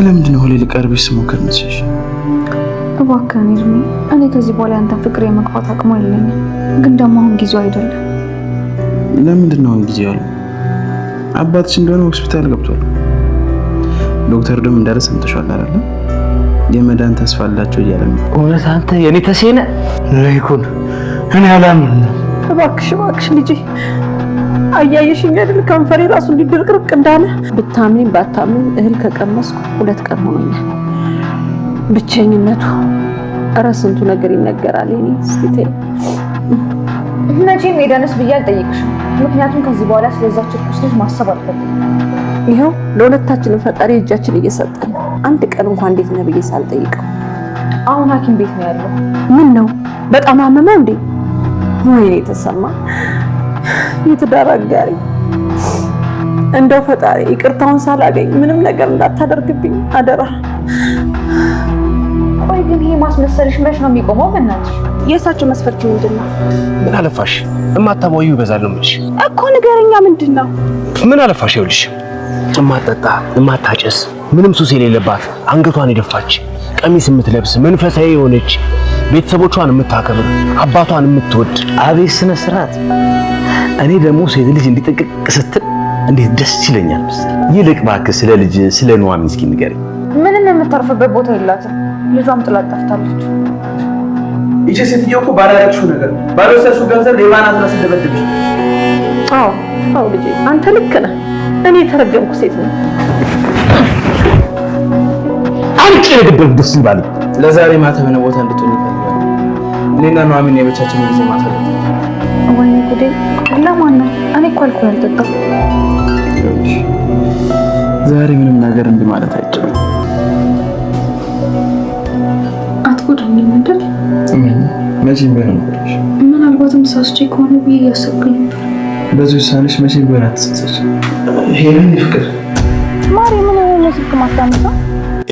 ቆይ ለምንድን ነው ሆሌ ልቀርብሽ ስሞክር መስለሽ? እባክህን እድሜ፣ እኔ ከዚህ በኋላ ያንተን ፍቅር የመግፋት አቅሙ የለኝም። ግን ደግሞ አሁን ጊዜው አይደለም። ለምንድን ነው አሁን ጊዜው ያለው? አባትሽ እንደሆነ ሆስፒታል ገብቷል። ዶክተር ደም እንዳለ ሰምተሻል አይደለም? የመዳን ተስፋ አላቸው እያለ ነው። እውነት አንተ የኔ ተሴነ ለይኩን እኔ አላምን። እባክሽ እባክሽ ልጄ አያየሽኝ አይደል? ከንፈሬ ራሱ እንዲደርቅርቅ እንዳለ። ብታምኝ ባታምኝ እህል ከቀመስኩ ሁለት ቀን ሆኖኛል። ብቸኝነቱ እረ ስንቱ ነገር ይነገራል። ኔ ስቴ መቼም ሄደንስ ብዬ አልጠይቅሽም፣ ምክንያቱም ከዚህ በኋላ ስለዛች ርኩስ ማሰብ አልፈልግም። ይኸው ለሁለታችንም ፈጣሪ እጃችን እየሰጠን አንድ ቀን እንኳን እንዴት ነህ ብዬ ሳልጠይቀው አሁን ሐኪም ቤት ነው ያለው። ምን ነው በጣም አመመው እንዴ? ወይኔ የተሰማ የትዳር አጋሪ እንደው ፈጣሪ ይቅርታውን ሳላገኝ ምንም ነገር እንዳታደርግብኝ አደራ። ቆይ ግን ይሄ ማስመሰልሽ መች ነው የሚቆመው? በእናትሽ የእሳቸው መስፈርት ምንድን ነው? ምን አለፋሽ እማታባዩ ይበዛል ነው የምልሽ እኮ። ንገረኛ ምንድን ነው? ምን አለፋሽ ይኸውልሽ፣ እማጠጣ እማታጨስ፣ ምንም ሱስ የሌለባት አንገቷን የደፋች ቀሚስ የምትለብስ መንፈሳዊ የሆነች ቤተሰቦቿን የምታከብር አባቷን የምትወድ አቤት ስነ ስርዓት። እኔ ደግሞ ሴት ልጅ እንዲጠቅቅ ስትል እንዴት ደስ ይለኛል መሰለኝ። ይልቅ እባክህ ስለ ልጅ ስለ ኑሐሚን እስኪ ንገሪኝ። ምንም የምታርፍበት ቦታ የላትም። ልጇም ጥላት ጠፍታለች። ይቺ ሴትዮ እኮ ባላረግሽው ነገር ባልወሰድሽው ገንዘብ ሌባ ናት ብላ ስትደበድብሽ። አዎ አዎ፣ ልጄ አንተ ልክ ነህ። እኔ የተረገምኩ ሴት ነኝ። አንቺ ደስ ይባል ለዛሬ ማታ የሆነ ቦታ እንድትሆን ይፈልጋል እኔና ኑሐሚን የብቻችን ጊዜ ማሳለፍ ወይኔ ጉዴ! ለማን ነው? እኔ እኮ አልኩህ ያልጠጣሁ። ዛሬ ምንም ነገር እንዲህ ማለት አትጎዳኝ መቼም ቢሆን ምናልባትም ሳስቼ ከሆነ ብዬ ነበር። በዚህ ውሳኔሽ መቼም ቢሆን አትጸጸች። ይሄንን ማሪ ምን ሆነ ስልክ ማታነሳ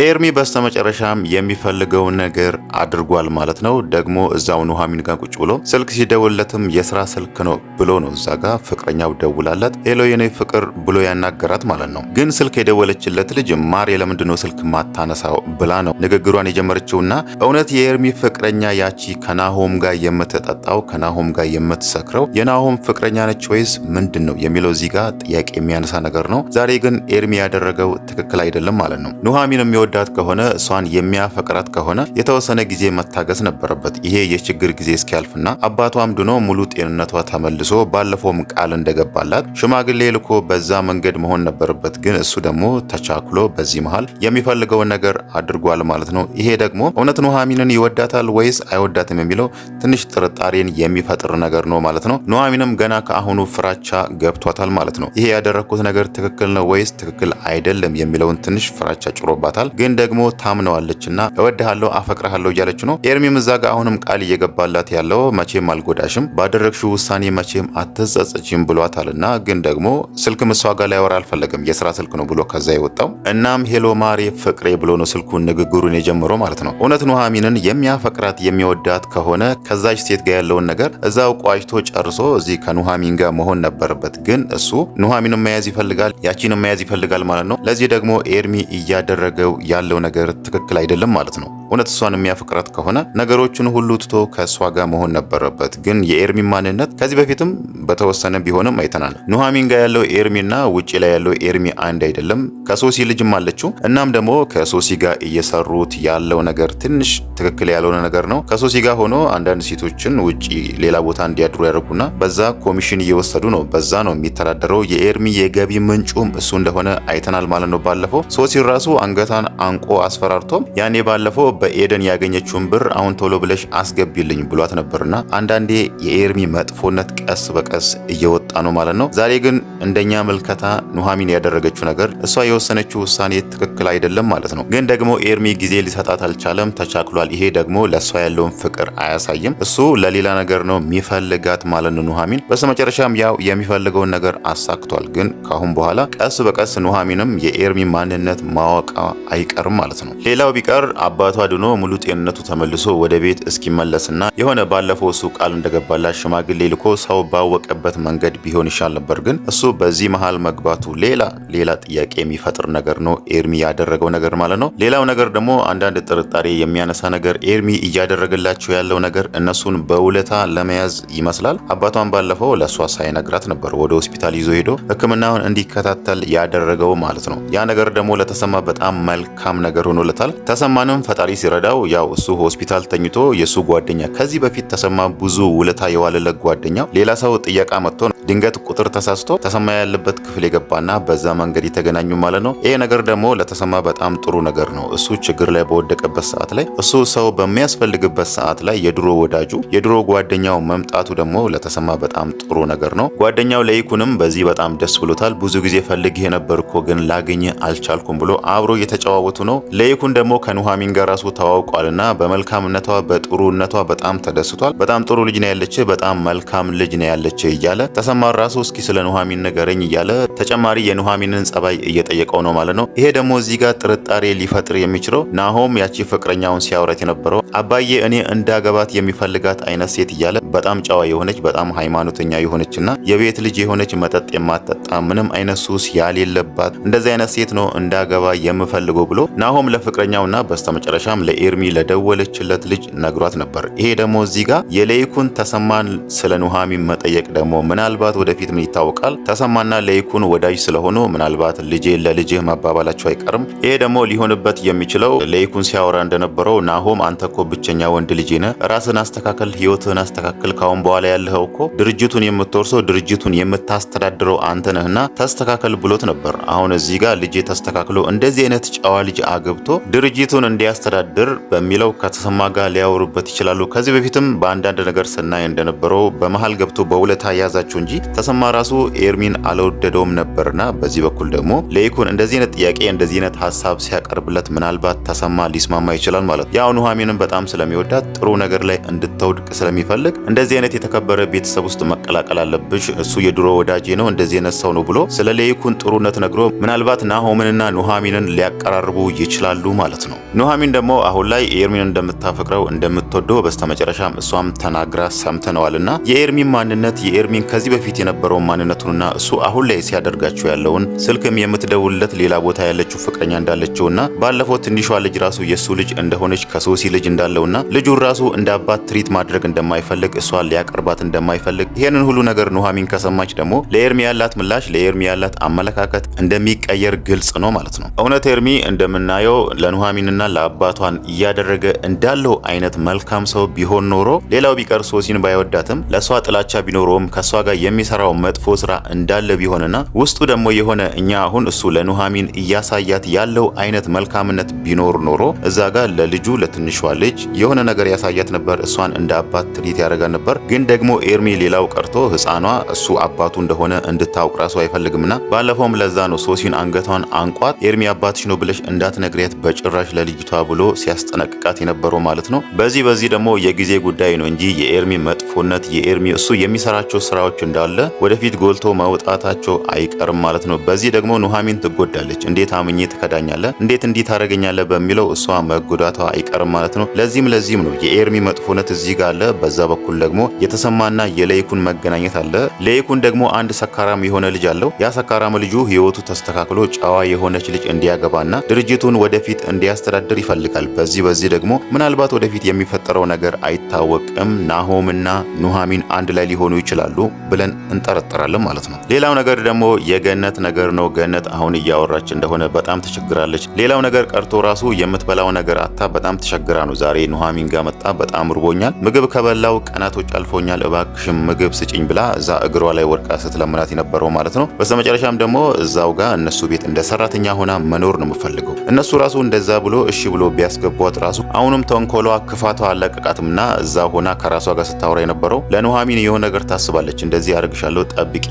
ኤርሚ በስተመጨረሻም የሚፈልገው ነገር አድርጓል ማለት ነው። ደግሞ እዛው ኑሐሚን ጋር ቁጭ ብሎ ስልክ ሲደውልለትም የስራ ስልክ ነው ብሎ ነው እዛ ጋር ፍቅረኛው ደውላለት ሄሎ የኔ ፍቅር ብሎ ያናገራት ማለት ነው። ግን ስልክ የደወለችለት ልጅ ማር ለምንድነው ስልክ ማታነሳው ብላ ነው ንግግሯን የጀመረችውና እውነት የኤርሚ ፍቅረኛ ያቺ ከናሆም ጋር የምትጠጣው ከናሆም ጋር የምትሰክረው የናሆም ፍቅረኛ ነች ወይስ ምንድን ነው የሚለው እዚህ ጋር ጥያቄ የሚያነሳ ነገር ነው። ዛሬ ግን ኤርሚ ያደረገው ትክክል አይደለም ማለት ነው። ኑሐሚን የሚወዳት ከሆነ እሷን የሚያፈቅራት ከሆነ የተወሰነ ጊዜ መታገስ ነበረበት። ይሄ የችግር ጊዜ እስኪያልፍና አባቷም ድኖ ሙሉ ጤንነቷ ተመልሶ ባለፈውም ቃል እንደገባላት ሽማግሌ ልኮ በዛ መንገድ መሆን ነበረበት። ግን እሱ ደግሞ ተቻክሎ በዚህ መሀል የሚፈልገውን ነገር አድርጓል ማለት ነው። ይሄ ደግሞ እውነት ኑሐሚንን ይወዳታል ወይስ አይወዳትም የሚለው ትንሽ ጥርጣሬን የሚፈጥር ነገር ነው ማለት ነው። ኑሐሚንም ገና ከአሁኑ ፍራቻ ገብቷታል ማለት ነው። ይሄ ያደረግኩት ነገር ትክክል ነው ወይስ ትክክል አይደለም የሚለውን ትንሽ ፍራቻ ጭሮባታል። ይመስላል። ግን ደግሞ ታምነዋለችና እወድሃለሁ፣ አፈቅረሃለሁ እያለች ነው። ኤርሚም እዛ ጋር አሁንም ቃል እየገባላት ያለው መቼም አልጎዳሽም፣ ባደረግሽው ውሳኔ መቼም አትጸጸችም ብሏታልና ግን ደግሞ ስልክም እሷ ጋር ላያወራ አልፈለገም። የስራ ስልክ ነው ብሎ ከዛ የወጣው እናም ሄሎ ማሬ ፍቅሬ ብሎ ነው ስልኩን ንግግሩን የጀመረው ማለት ነው። እውነት ኑሐሚንን የሚያፈቅራት የሚወዳት ከሆነ ከዛች ሴት ጋር ያለውን ነገር እዛው ቋጭቶ ጨርሶ እዚህ ከኑሐሚን ጋር መሆን ነበረበት። ግን እሱ ኑሐሚንን መያዝ ይፈልጋል፣ ያቺንም መያዝ ይፈልጋል ማለት ነው። ለዚህ ደግሞ ኤርሚ እያደረገው ያለው ነገር ትክክል አይደለም ማለት ነው። እውነት እሷን የሚያፈቅራት ከሆነ ነገሮችን ሁሉ ትቶ ከእሷ ጋር መሆን ነበረበት። ግን የኤርሚ ማንነት ከዚህ በፊትም በተወሰነ ቢሆንም አይተናል። ኑሐሚን ጋር ያለው ኤርሚና ውጭ ላይ ያለው ኤርሚ አንድ አይደለም። ከሶሲ ልጅም አለችው። እናም ደግሞ ከሶሲ ጋር እየሰሩት ያለው ነገር ትንሽ ትክክል ያልሆነ ነገር ነው። ከሶሲ ጋር ሆኖ አንዳንድ ሴቶችን ውጭ ሌላ ቦታ እንዲያድሩ ያደርጉና በዛ ኮሚሽን እየወሰዱ ነው። በዛ ነው የሚተዳደረው። የኤርሚ የገቢ ምንጩም እሱ እንደሆነ አይተናል ማለት ነው። ባለፈው ሶሲ ራሱ አንገታን አንቆ አስፈራርቶም ያኔ ባለፈው በኤደን ያገኘችውን ብር አሁን ቶሎ ብለሽ አስገቢልኝ ብሏት ነበርና አንዳንዴ የኤርሚ መጥፎነት ቀስ በቀስ እየወጣ ነው ማለት ነው። ዛሬ ግን እንደኛ ምልከታ ኑሐሚን ያደረገችው ነገር እሷ የወሰነችው ውሳኔ ትክክል አይደለም ማለት ነው። ግን ደግሞ ኤርሚ ጊዜ ሊሰጣት አልቻለም፣ ተቻክሏል። ይሄ ደግሞ ለእሷ ያለውን ፍቅር አያሳይም። እሱ ለሌላ ነገር ነው የሚፈልጋት ማለት ነው ኑሐሚን። በስተመጨረሻም ያው የሚፈልገውን ነገር አሳክቷል። ግን ካሁን በኋላ ቀስ በቀስ ኑሐሚንም የኤርሚ ማንነት ማወቃ አይቀርም ማለት ነው። ሌላው ቢቀር አባቷ ድኖ ሙሉ ጤንነቱ ተመልሶ ወደ ቤት እስኪመለስና የሆነ ባለፈው እሱ ቃል እንደገባላት ሽማግሌ ልኮ ሰው ባወቀበት መንገድ ቢሆን ይሻል ነበር። ግን እሱ በዚህ መሀል መግባቱ ሌላ ሌላ ጥያቄ የሚፈጥር ነገር ነው፣ ኤርሚ ያደረገው ነገር ማለት ነው። ሌላው ነገር ደግሞ አንዳንድ ጥርጣሬ የሚያነሳ ነገር ኤርሚ እያደረገላቸው ያለው ነገር እነሱን በውለታ ለመያዝ ይመስላል። አባቷን ባለፈው ለእሷ ሳይነግራት ነበር ወደ ሆስፒታል ይዞ ሄዶ ሕክምናውን እንዲከታተል ያደረገው ማለት ነው። ያ ነገር ደግሞ ለተሰማ በጣም መልክ መልካም ነገር ሆኖለታል። ተሰማንም ፈጣሪ ሲረዳው ያው እሱ ሆስፒታል ተኝቶ የእሱ ጓደኛ ከዚህ በፊት ተሰማ ብዙ ውለታ የዋለለት ጓደኛው ሌላ ሰው ጥያቃ መጥቶ ድንገት ቁጥር ተሳስቶ ተሰማ ያለበት ክፍል የገባና በዛ መንገድ የተገናኙ ማለት ነው። ይሄ ነገር ደግሞ ለተሰማ በጣም ጥሩ ነገር ነው። እሱ ችግር ላይ በወደቀበት ሰዓት ላይ እሱ ሰው በሚያስፈልግበት ሰዓት ላይ የድሮ ወዳጁ የድሮ ጓደኛው መምጣቱ ደግሞ ለተሰማ በጣም ጥሩ ነገር ነው። ጓደኛው ለይኩንም በዚህ በጣም ደስ ብሎታል። ብዙ ጊዜ ፈልግህ የነበር እኮ ግን ላገኘ አልቻልኩም ብሎ አብሮ እየተጨዋወቱ ነው። ለይኩን ደግሞ ከኑሐሚን ጋር ራሱ ተዋውቋልና በመልካምነቷ በጥሩነቷ በጣም ተደስቷል። በጣም ጥሩ ልጅ ነው ያለች፣ በጣም መልካም ልጅ ነው ያለች እያለ ተሰማ ራሱ እስኪ ስለ ኑሐሚን ንገረኝ እያለ ተጨማሪ የኑሐሚንን ጸባይ እየጠየቀው ነው ማለት ነው። ይሄ ደግሞ እዚህ ጋር ጥርጣሬ ሊፈጥር የሚችለው ናሆም ያቺ ፍቅረኛውን ሲያውረት የነበረው አባዬ እኔ እንዳገባት የሚፈልጋት አይነት ሴት እያለ በጣም ጨዋ የሆነች በጣም ሃይማኖተኛ የሆነችና የቤት ልጅ የሆነች መጠጥ የማጠጣ ምንም አይነት ሱስ ያሌለባት እንደዚህ አይነት ሴት ነው እንዳገባ የምፈልገው ብሎ ናሆም ለፍቅረኛውና በስተመጨረሻም ለኤርሚ ለደወለችለት ልጅ ነግሯት ነበር። ይሄ ደግሞ እዚህ ጋር የሌይኩን ተሰማን ስለ ኑሐሚን መጠየቅ ደግሞ ምናልባት ምናልባት ወደፊት ምን ይታወቃል። ተሰማና ለይኩን ወዳጅ ስለሆኑ ምናልባት ልጄ ለልጅህ መባባላቸው አይቀርም። ይሄ ደግሞ ሊሆንበት የሚችለው ለይኩን ሲያወራ እንደነበረው ናሆም አንተ እኮ ብቸኛ ወንድ ልጅ ነህ፣ ራስን አስተካከል፣ ህይወትህን አስተካከል። ካሁን በኋላ ያለኸው እኮ ድርጅቱን የምትወርሰው ድርጅቱን የምታስተዳድረው አንተ ነህና ተስተካከል ብሎት ነበር። አሁን እዚህ ጋር ልጄ ተስተካክሎ እንደዚህ አይነት ጨዋ ልጅ አግብቶ ድርጅቱን እንዲያስተዳድር በሚለው ከተሰማ ጋር ሊያወሩበት ይችላሉ። ከዚህ በፊትም በአንዳንድ ነገር ስናይ እንደነበረው በመሀል ገብቶ በውለታ ያዛቸው እንጂ ተሰማ ራሱ ኤርሚን አልወደደውም ነበርና በዚህ በኩል ደግሞ ለይኩን እንደዚህ አይነት ጥያቄ እንደዚህ አይነት ሀሳብ ሲያቀርብለት ምናልባት ተሰማ ሊስማማ ይችላል ማለት ነው። ያው በጣም ስለሚወዳት ጥሩ ነገር ላይ እንድትወድቅ ስለሚፈልግ እንደዚህ አይነት የተከበረ ቤተሰብ ውስጥ መቀላቀል አለብሽ፣ እሱ የድሮ ወዳጄ ነው፣ እንደዚህ አይነት ሰው ነው ብሎ ስለ ለይኩን ጥሩነት ነግሮ ምናልባት ናሆምንና ኑሐሚንን ሊያቀራርቡ ይችላሉ ማለት ነው። ኑሐሚን ደግሞ አሁን ላይ ኤርሚን እንደምታፈቅረው እንደምትወደው በስተመጨረሻም እሷም ተናግራ ሰምተነዋልና የኤርሚን ማንነት የኤርሚን ከዚህ በፊት የነበረውን ማንነቱንና እሱ አሁን ላይ ሲያደርጋቸው ያለውን ስልክም የምትደውልለት ሌላ ቦታ ያለችው ፍቅረኛ እንዳለችውና ባለፈው ትንሿ ልጅ ራሱ የእሱ ልጅ እንደሆነች ከሶሲ ልጅ እንዳለውና ልጁን ራሱ እንደ አባት ትሪት ማድረግ እንደማይፈልግ እሷን ሊያቀርባት እንደማይፈልግ ይህንን ሁሉ ነገር ኑሐሚን ከሰማች ደግሞ ለኤርሚ ያላት ምላሽ ለኤርሚ ያላት አመለካከት እንደሚቀየር ግልጽ ነው ማለት ነው። እውነት ኤርሚ እንደምናየው ለኑሐሚንና ለአባቷን እያደረገ እንዳለው አይነት መልካም ሰው ቢሆን ኖሮ ሌላው ቢቀር ሶሲን ባይወዳትም ለእሷ ጥላቻ ቢኖረውም ከእሷ ጋር የሚሰራው መጥፎ ስራ እንዳለ ቢሆንና ውስጡ ደግሞ የሆነ እኛ አሁን እሱ ለኑሐሚን እያሳያት ያለው አይነት መልካምነት ቢኖር ኖሮ እዛ ጋር ለልጁ ለትንሿ ልጅ የሆነ ነገር ያሳያት ነበር። እሷን እንደ አባት ትሪት ያደርጋት ነበር። ግን ደግሞ ኤርሚ ሌላው ቀርቶ ህፃኗ እሱ አባቱ እንደሆነ እንድታውቅ ራሱ አይፈልግምና ባለፈውም ለዛ ነው ሶሲን አንገቷን አንቋት ኤርሚ አባትሽ ነው ብለሽ እንዳትነግሪያት በጭራሽ ለልጅቷ ብሎ ሲያስጠነቅቃት የነበረው ማለት ነው። በዚህ በዚህ ደግሞ የጊዜ ጉዳይ ነው እንጂ የኤርሚ መጥፎ ዲቁነት፣ የኤርሚ እሱ የሚሰራቸው ስራዎች እንዳለ ወደፊት ጎልቶ መውጣታቸው አይቀርም ማለት ነው። በዚህ ደግሞ ኑሐሚን ትጎዳለች። እንዴት አምኜ ትከዳኛለህ? እንዴት እንዲህ ታደርገኛለህ? በሚለው እሷ መጎዳቷ አይቀርም ማለት ነው። ለዚህም ለዚህም ነው የኤርሚ መጥፎነት እዚህ ጋር አለ። በዛ በኩል ደግሞ የተሰማና የለይኩን መገናኘት አለ። ለይኩን ደግሞ አንድ ሰካራም የሆነ ልጅ አለው። ያ ሰካራም ልጁ ህይወቱ ተስተካክሎ ጨዋ የሆነች ልጅ እንዲያገባና ድርጅቱን ወደፊት እንዲያስተዳድር ይፈልጋል። በዚህ በዚህ ደግሞ ምናልባት ወደፊት የሚፈጠረው ነገር አይታወቅም ናሆምና ኑሐሚን አንድ ላይ ሊሆኑ ይችላሉ ብለን እንጠረጠራለን ማለት ነው። ሌላው ነገር ደግሞ የገነት ነገር ነው። ገነት አሁን እያወራች እንደሆነ በጣም ተቸግራለች። ሌላው ነገር ቀርቶ ራሱ የምትበላው ነገር አታ በጣም ተቸግራ ነው ዛሬ ኑሐሚን ጋር መጣ። በጣም ርቦኛል፣ ምግብ ከበላው ቀናቶች አልፎኛል፣ እባክሽም ምግብ ስጭኝ ብላ እዛ እግሯ ላይ ወድቃ ስትለምናት የነበረው ማለት ነው። በስተመጨረሻም ደግሞ እዛው ጋር እነሱ ቤት እንደ ሰራተኛ ሆና መኖር ነው የምፈልገው። እነሱ ራሱ እንደዛ ብሎ እሺ ብሎ ቢያስገቧት ራሱ አሁንም ተንኮሏ ክፋቷ አለቀቃትምና እዛ ሆና ከራሷ ጋር ስታወራ የነበረው ለኑሐሚን የሆነ ነገር ታስባለች። እንደዚህ አድርግሻለሁ፣ ጠብቂ፣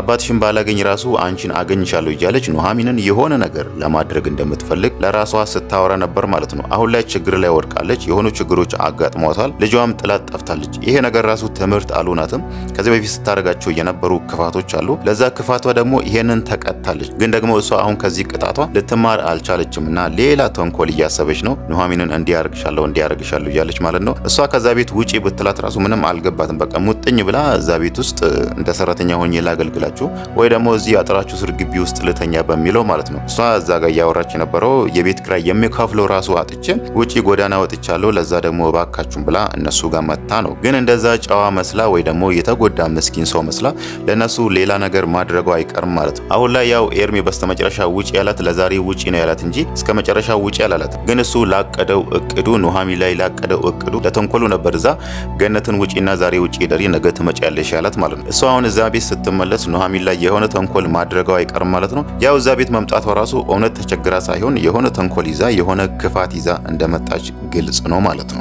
አባትሽን ባላገኝ ራሱ አንቺን አገኝሻለሁ እያለች ኑሐሚንን የሆነ ነገር ለማድረግ እንደምትፈልግ ለራሷ ስታወራ ነበር ማለት ነው። አሁን ላይ ችግር ላይ ወድቃለች። የሆኑ ችግሮች አጋጥሟታል። ልጇም ጥላት ጠፍታለች። ይሄ ነገር ራሱ ትምህርት አልሆናትም። ከዚህ በፊት ስታደርጋቸው የነበሩ ክፋቶች አሉ። ለዛ ክፋቷ ደግሞ ይሄንን ተቀጥታለች። ግን ደግሞ እሷ አሁን ከዚህ ቅጣቷ ልትማር አልቻለችም እና ሌላ ተንኮል እያሰበች ነው። ኑሐሚንን እንዲያርግሻለሁ እንዲያርግሻለሁ እያለች ማለት ነው። እሷ ከዛ ቤት ውጪ ብትላት ራሱ ምንም አል አልገባትም። በቃ ሙጥኝ ብላ እዛ ቤት ውስጥ እንደ ሰራተኛ ሆኜ ላገልግላችሁ ወይ ደግሞ እዚህ አጥራችሁ ስር ግቢ ውስጥ ልተኛ በሚለው ማለት ነው። እሷ እዛ ጋር እያወራች የነበረው የቤት ክራይ የሚከፍለው ራሱ አጥቼ ውጪ ጎዳና ወጥቻለሁ፣ ለዛ ደግሞ እባካችሁም ብላ እነሱ ጋር መታ ነው። ግን እንደዛ ጨዋ መስላ ወይ ደግሞ የተጎዳ ምስኪን ሰው መስላ ለእነሱ ሌላ ነገር ማድረጉ አይቀርም ማለት ነው። አሁን ላይ ያው ኤርሚ በስተመጨረሻ ውጪ ያላት ለዛሬ ውጪ ነው ያላት እንጂ እስከ መጨረሻ ውጪ አላላት። ግን እሱ ላቀደው እቅዱ ኑሃሚ ላይ ላቀደው እቅዱ ለተንኮሉ ነበር እዛ ገነትን ውጪና ዛሬ ውጭ ደሪ ነገ ትመጪያለሽ ያላት ማለት ነው። እሷ አሁን እዛ ቤት ስትመለስ ኑሐሚን ላይ የሆነ ተንኮል ማድረጓ አይቀርም ማለት ነው። ያው እዛ ቤት መምጣቷ ራሱ እውነት ተቸግራ ሳይሆን የሆነ ተንኮል ይዛ የሆነ ክፋት ይዛ እንደመጣች ግልጽ ነው ማለት ነው።